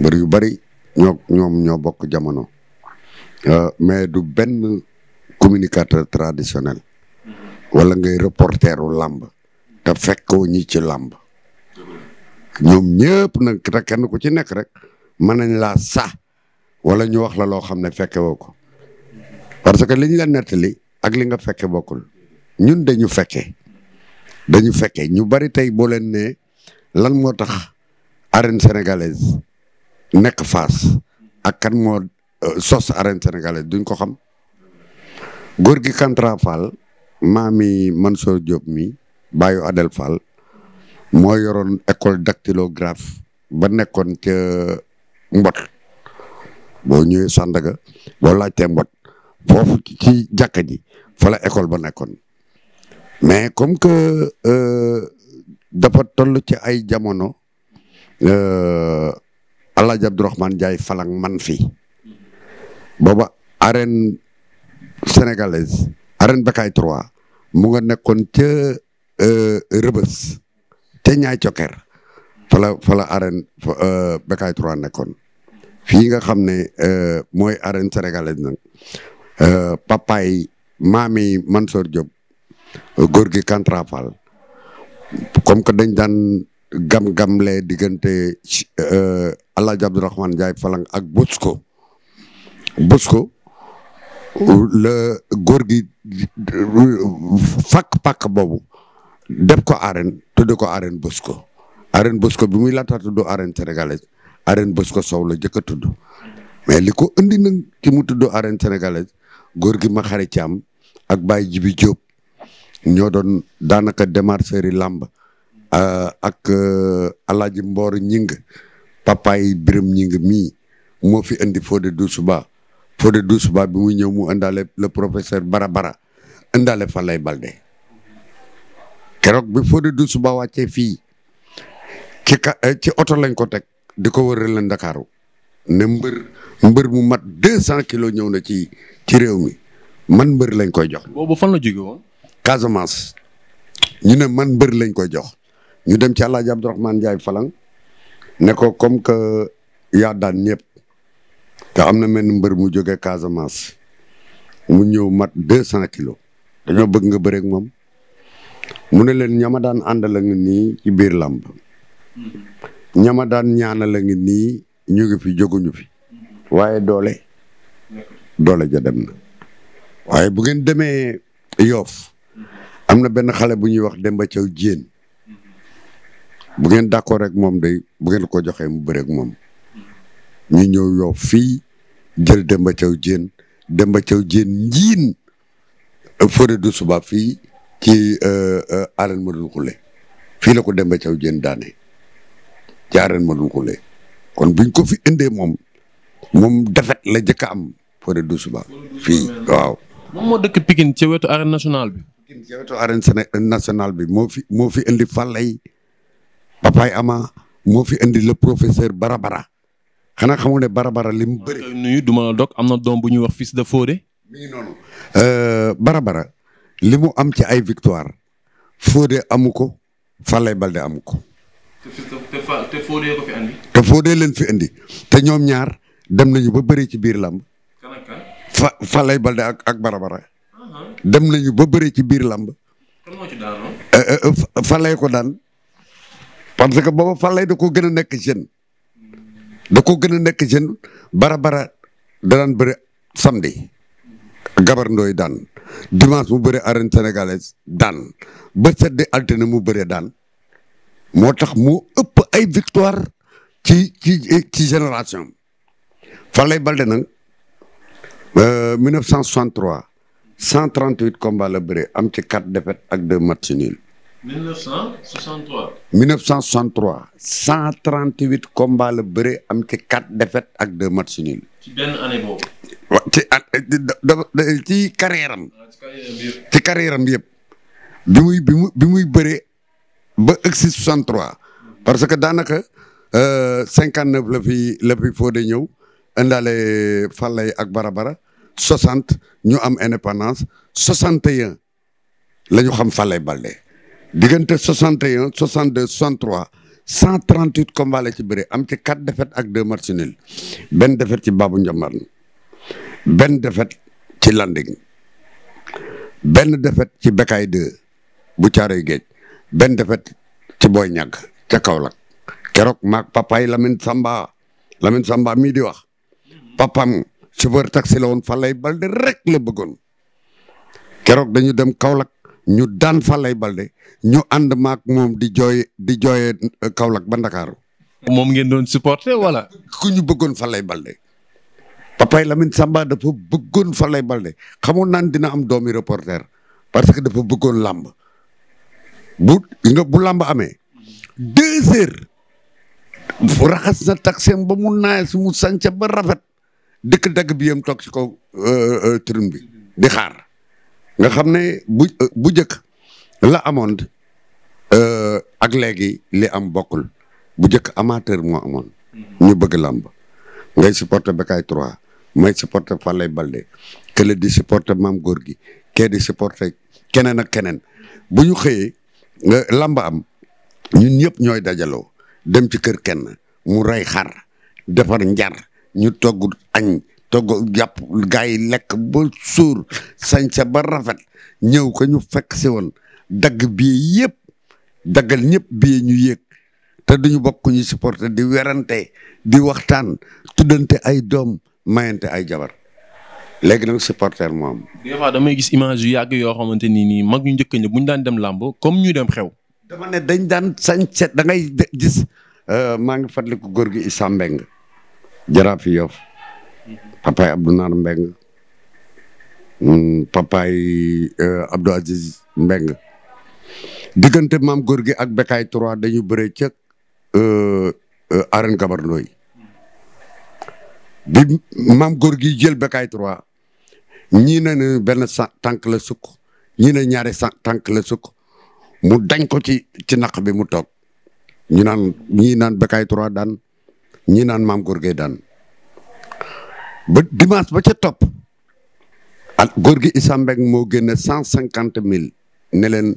bari yu bëri ñoo ñoom ñoo bokk jamono euh, mais du benn communicateur traditionnel wala ngay reporteru làmb te fekkoo ñi ci làmb ñoom ñëpp nag te kenn ku ci nekk rek mën nañ laa sa wala ñu wax la loo xam ne fekke woo ko parce que liñ la nettali ak li nga fekke bokkul ñun dañu fekke dañu fekke ñu bari tey boo leen ne lan moo tax arène sénégalaise nekk fas ak kan moo euh, sos arène sénégalaise duñ ko xam góor gi Kantra Fall man Mansour Diop mi bàyyu Adel Fall moo yoroon école dactylographe ba nekkoon ca euh, mbot boo ñëwee Sandaga boo laajtee mbot foofu ci jàkka ji fa école ba nekkoon mais comme que euh, dafa toll ci ay jamono Alaaji Abdourahmane Ndiaye Falang man fi booba arène sénégalaise arène Bekaay 3 mu nga nekkoon ca euh, Rëbës te ñaay coker fala fala arène euh, Bekaay 3 nekkoon fii nga xam ne euh, mooy arène sénégalaise nag papaay maami Mansour Diop góor gi Kantrafal comme que dañ daan gam gam le diggante euh, Alaaji Abdourahmane Ndiaye Falang ak Bosco Bosco la góor gi fakk pàkk boobu def ko arène tudde ko arène Bosco arène Bosco bi muy laataa tudd arène sénégalaise arène Bosco Sow la jëkk a tudd mais li ko indi nag ci mu tudd arène sénégalaise góor gi ma xari caam ak Baye Jibi Diop ñoo doon daanaka démarcheurs yi làmb Euh, ak euh, alaaji mboor ñing papaay biram ñing mii moo fi indi Fodé Doussouba Fodé Doussouba bi muy ñëw mu indaale le professeur bara indaale Falaye Balde keroog bi foode Fodé Doussouba wàccee fii ci ka euh, ci oto lañ ko teg di ko wëral leen Ndakaaru ne mbër mu mat deux cent kilos ñëw na ci ci réew mi man mbër lañ koy jox. boobu fan la jóge woon. ñu ne man mbër lañ koy jox ñu dem ci Alaaji Abdourahmane Ndiaye Falang ne ko comme que yaa daan ñëpp te am na menn mbër mu jógee Casamance mu ñëw mat deux cent kilos dañoo bëgg nga bëreek moom mu ne leen ñama daan àndal a ngi nii ci biir làmb ñama daan ñaanal a ngi nii ñu ngi fi jóguñu fi waaye doole doole ja dem na waaye bu ngeen demee Yoff am na benn xale bu ñuy wax dem ba Thiaw Diène bu ngeen d'accord rek moom day bu ngeen ko joxee mu bëreeg moom ñu ñëw yow fii jël Demba Thiaw Diène Demba caw Diène njiin fëre du suba fii ci euh, arène Madoune Khoule fii la ko Demba Thiaw Diène daane ci arène Madoune Khoule kon buñ ko fi indee moom moom defet la jëkk am fëre du suba fii waaw. moom moo dëkk Pikine ci wetu arène nationale bi. Pikine ci wetu arène bi moo fi moo fi indi fàllay papaay ama moo fi indi la professeur Barabara xanaa xamoo ne Barabara li mu bëri. nuyu du am na doom bu ñuy wax fils de Fodé. mi ngi noonu euh, li mu am ci ay victoire Fodé amu ko Falaye Balde amu ko. te te fi andi. te leen fi indi te ñoom ñaar dem nañu ba bëri ci biir làmb. kan ak Balde ak ak Barabara. dem nañu ba bëri ci biir làmb. Euh, euh, falay ko daan. parce que booba Falaye da koo gën a nekk jeune da koo gën a nekk jeune bara bara danaan bëri samedi gabar ndooy daan dimanche mu bëri arène sénégalaise daan ba seddi altine mu bëree daan moo tax mu ëpp ay victoire ci ci ci génération Falaye Balde nag 1963 euh, 138 combats la bëri am ci 4 défaites ak 2 matchs nuls 1963. 1963 138 combats la bëre am ci 4 ak 2 matchs nuls. ci benn année yëpp. bi muy bi muy bi muy bëre ba ëgsi parce que daanaka 59 euh, la fi la fi Fodé ñëw indaale Fallay ak Barabara 60 ñu am indépendance 61 la ñu xam Fallay Baldé. diggante 61 62 63 138 combats la ci bëri am ci 4 défaites ak de matchs nuls benn défaite ci babu Ndiambarne benn défaite ci Landing benn defet ci Bécaye 2 bu Caaroy Géej benn défaite ci Boy Ñag ca Kaolack keroog maag papaay Lamine Samba Lamine Samba mii di wax papam chauffeur taxi la woon fa lay balde rek la bëggoon keroog dañu dem Kaolack ñu daan Falaye Baldé ñu ànd maak moom di jooy di jooyee euh, Kaolack ba Ndakaaru moom ngeen doon supporté wala. ku ñu bëggoon Falaye Baldé papay Lamine Samba dafa bëggoon Falaye Baldé xamoon naan dina am doomi reporter parce que dafa bëggoon làmb bu nga bu làmb amee deux heures raxas na taxem ba mu naay su mu sànca ba rafet dëkk dagg bi yam toog si ko euh, euh, tribune bi di xaar nga xam ne bu euh, bu njëkk la amoon euh, ak léegi li am bokkul bu njëkk amateur moo amoon. ñu bëgg làmb ngay supporter Bécaye 3 may supporter Fallay Balde kële di supporter Maam Góor gi kee di supporter keneen ak keneen bu ñu xëyee nga làmb am ñun ñëpp ñooy dajaloo dem ci kër kenn mu rey xar defar njar ñu togg añ. togg jàpp gars yi lekk ba suur sañca ba rafet ñëw ko ñu fekk si woon dagg bii yëpp daggal ñëpp bii ñu yéeg te duñu bokk ñu supporter di werante di waxtaan tuddante ay doom mayante ay jabar léegi nag supporter moo am. des damay gis image yu yàgg yoo xamante ni nii mag ñu njëkk ña bu ñu daan dem làmb comme ñu dem xew. dama ne dañ daan sañset dangay ngay gis euh, maa ngi fàttaliku góor gi Issa Mbeng jaraaf Yoff papaay Abdou Naar Mbeng papaay euh, Abdou Aziz Mbeng diggante mam góor gi ak Bekaay 3 dañu bëree cëk euh, euh, arène Gabarndooy bi maam góor gi jël Bekaay 3 ñii ne benn sa tànk la sukk ñii ne ñaari sa tànk la sukk mu dañ ko ci ci naq bi mu toog ñu naan ñii naan Bekaay 3 daan ñii naan maam góor daan bët dimanche ba ca topp ak góor gi Issa Mbeng moo génne cent cinquante mille ne leen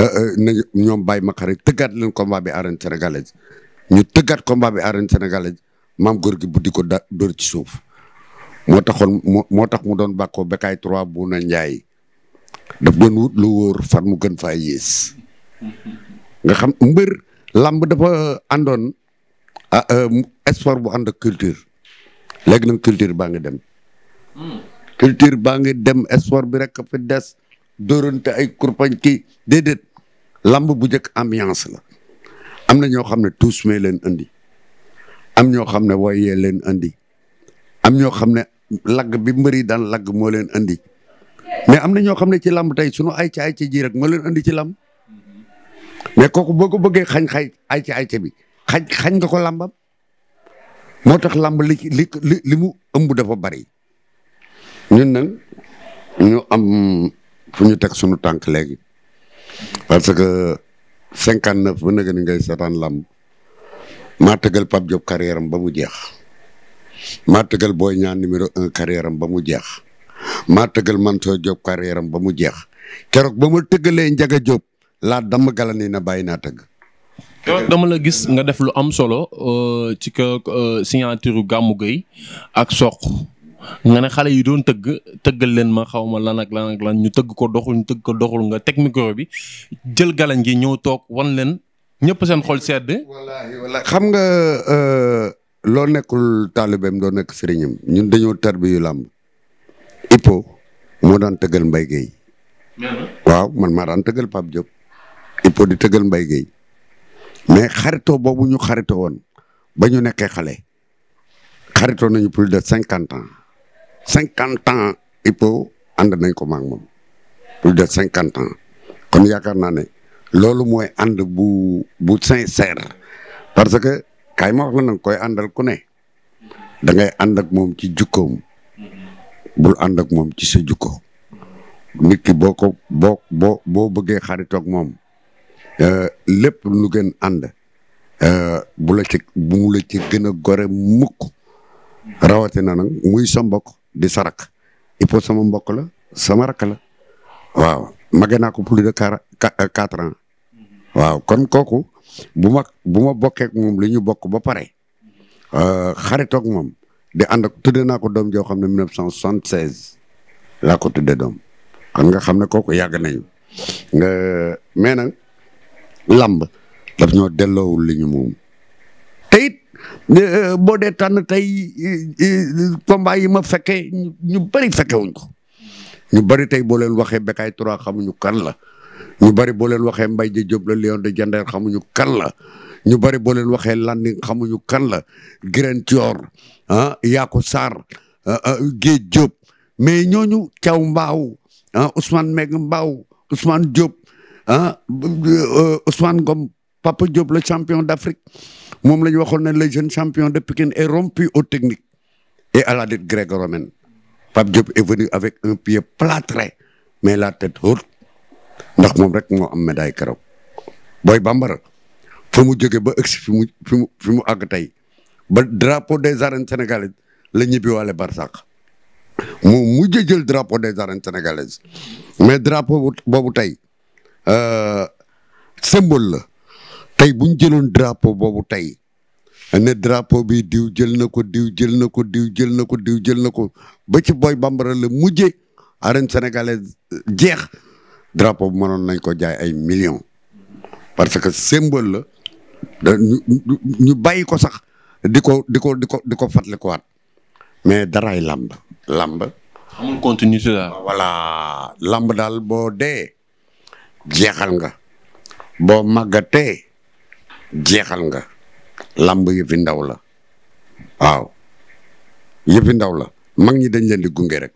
euh, euh, na ñoom Baye Makhari tëggaat leen combat bi arène sénégalaise ñu tëggat combat bi arène sénégalaise mam góor gi buddi ko da dóor ci suuf moo taxoon moo tax mu doon bàkkoo bekaay trois bu na njaay daf doon wut lu far mu gën faa yées nga xam mbër làmb dafa àndoon ah, euh, sport bu ànd culture léegi nag culture baa ngi dem. culture baa ngi dem sport bi rek fi des dóorante ay kurpañ kii déedéet lamb bu njëkk ambiance la am na ñoo xam ne tous mee leen andi am ñoo xam ne woyee leen andi am ñoo xam ne lagg bi mbëri daan lagg moo leen andi mais am na ñoo xam ne ci lamb tey sunu ay ca ay ca ji rek moo leen andi ci lamb mais kooku boo ko bëggee xañ xay ay ci ay ca bi xañ xañ nga ko lambam. moo tax làmb li li li mu ëmb dafa bari ñun nag ñu am fu ñu teg suñu tànk léegi parce que cinquante neuf ba nga ni ngay seetaan làmb maa tëggal Pape Diop carrière ba mu jeex maa tëggal Boy ñaan numéro un carrière ba mu jeex maa tëggal Mansour Diop carrière ba mu jeex keroog ba ma tëggalee Ndiaga Diop laa dam gala nii na bàyyi naa tëgg dama la gis nga def lu am solo euh, ci ka euh, signature Gamou Gueye ak Sokh nga ne xale yi doon tëgg tëggal leen ma xaw ma lan ak lan lan ñu tëgg ko doxul ñu ko doxul nga teg micro bi jël galañ gi ñëw toog wan leen ñëpp seen xol sedd. wallaahi wallaahi xam nga euh, loo nekkul taalibeem doo nekk sëriñam ñun dañoo tarbiyu làmb Ipo moo daan tëggal Mbaye Gueye. waaw man maa daan tëggal Pape Diop. Ipo di tëggal mbay Gueye. mais xarito boobu ñu xaritoo woon ba ñu nekkee xale xaritoo nañu plus de cinquante ans cinquante ans Hippo ànd nañ ko maak moom plus de cinquante ans kon yaakaar naa ne loolu mooy ànd bu bu sincère parce que kaay ma wax la koy àndal ku ne da ngay ànd ak moom ci jukkoom bul ànd ak moom ci sa jukko nit ki boo ko boo boo boo bëggee xaritoog moom Euh, lépp nu gën ànd euh, bu la ci bu mu la ci gën a gore mukk rawatina nag muy sa mbokk di sa il faut sama mbokk la sama rakk la waaw mage naa ko plus de euh, quatre ans waaw kon kooku bu ma bu ma bokkeek moom li ñu bokk ba pare xaritoog moom di ànd ak tudde naa ko doom joo xam ne 1976 laa ko tudde doom kon nga xam ne kooku yàgg nañu nga mais lamb daf ñoo delloowul li ñu moom te it euh, boo dee tànn tey euh, euh, combat yi ma fekkee ñu bëri fekkewuñ ko ñu bëri tey boo leen waxee Bécaye 3 xamuñu kan la ñu bëri boo leen waxee Mbaye Dia Diop la Lion de Diender xamuñu kan la ñu bëri boo leen waxee Landing xamuñu kan la Giren Thior ah Yaako Sarr ah, ah, Géej Diop mais ñooñu Thiaw Mbaaw ah Ousmane Mbaaw Ousmane Diop ah gom euh, Ngom Papa Diop le champion d'Afrique moom la ñu waxoon ne le jeune champion de Pikine est rompu aux techniques et à la lutte gréco-romaine Pape Diop est venu avec un pied plâtré mais la tête haute ndax moom rek moo am médaille keroog booy bambara mu jóge ba ëgsi fi mu fi mu fi mu àgg tey ba drapeau des arènes sénégalaises la ñibbiwaale barsàq moo mujj jël drapeau des arènes sénégalaises mais drapeau boobu tey Euh, symbole la tey bu ñu jëloon drapeau boobu tey ne drapo bi diw jël na ko diw jël na ko diw jël na ko diw jël na ko ba ci Boy Bambara la mujjee arène sénégalaise euh, jeex drapo bu mënoon nañ ko jaay ay millions parce que symbole la da ñu bàyyi ko sax di ko di ko di ko di ko fàttalikuwaat mais daraay làmb lamb amul continuité daal voilà làmb daal boo dee jeexal nga boo màggatee jeexal nga làmb yëfi ndaw la waaw yëfi ndaw la mag ñi dañ leen di gunge rek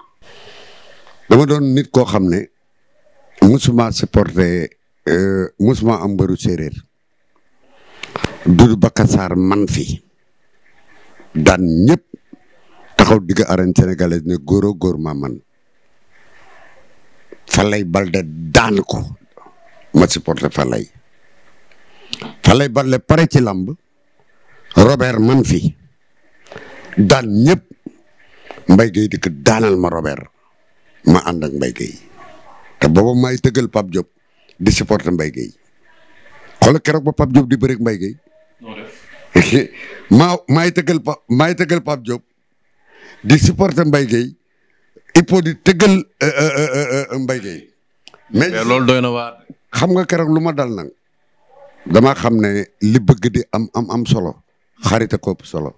dama doon nit koo xam ne musuma supporté euh, musuma am mbëru séeréer Doudou Bakassar man fi daan ñépp taxaw digg arène sénégalaise ne góoroo góor maa man Falay Balde daan ko ma supporté Falaye Falaye Baldé pare ci làmb Robert man fi daan ñëpp Mbaye Gueye dikk daanal ma Robert ma ànd ak Mbaye Gueye te booba maay tëggal Pape Diop di supporté Mbaye Gueye xoolal keroog ba Pape Diop di bëreeg Mbaye Gueye. maa maay tëggal pa maay tëggal Pape Diop di supporté Mbaye Gueye il faut di tëggal euh, euh, euh, Mbaye Gueye mais loolu doy na waar. xam nga keroog lu ma dal nag damaa xam ne li bëgg di am am am solo xarite ko solo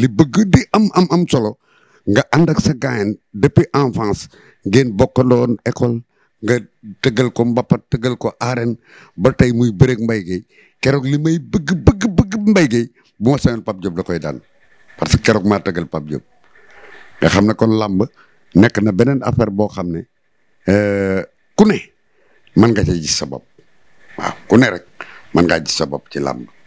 li bëgg di am am am solo nga ànd ak sa gaayen depuis enfance ngeen bokkandoon école nga tëggal ko mbappat tëggal ko arène ba tey muy bëreeg Mbaye Guèye keroog li may bëgg bëgg bëgg Mbaye Guèye bu ma sañoon Pape Diop da koy daan parce que keroog maa tëggal Pape Diop nga xam ne kon làmb nekk na beneen affaire boo xam ne euh, ku kune mën nga cee ji sa bopp waaw ku ne rek mën ngaa gis sa bopp ci làmb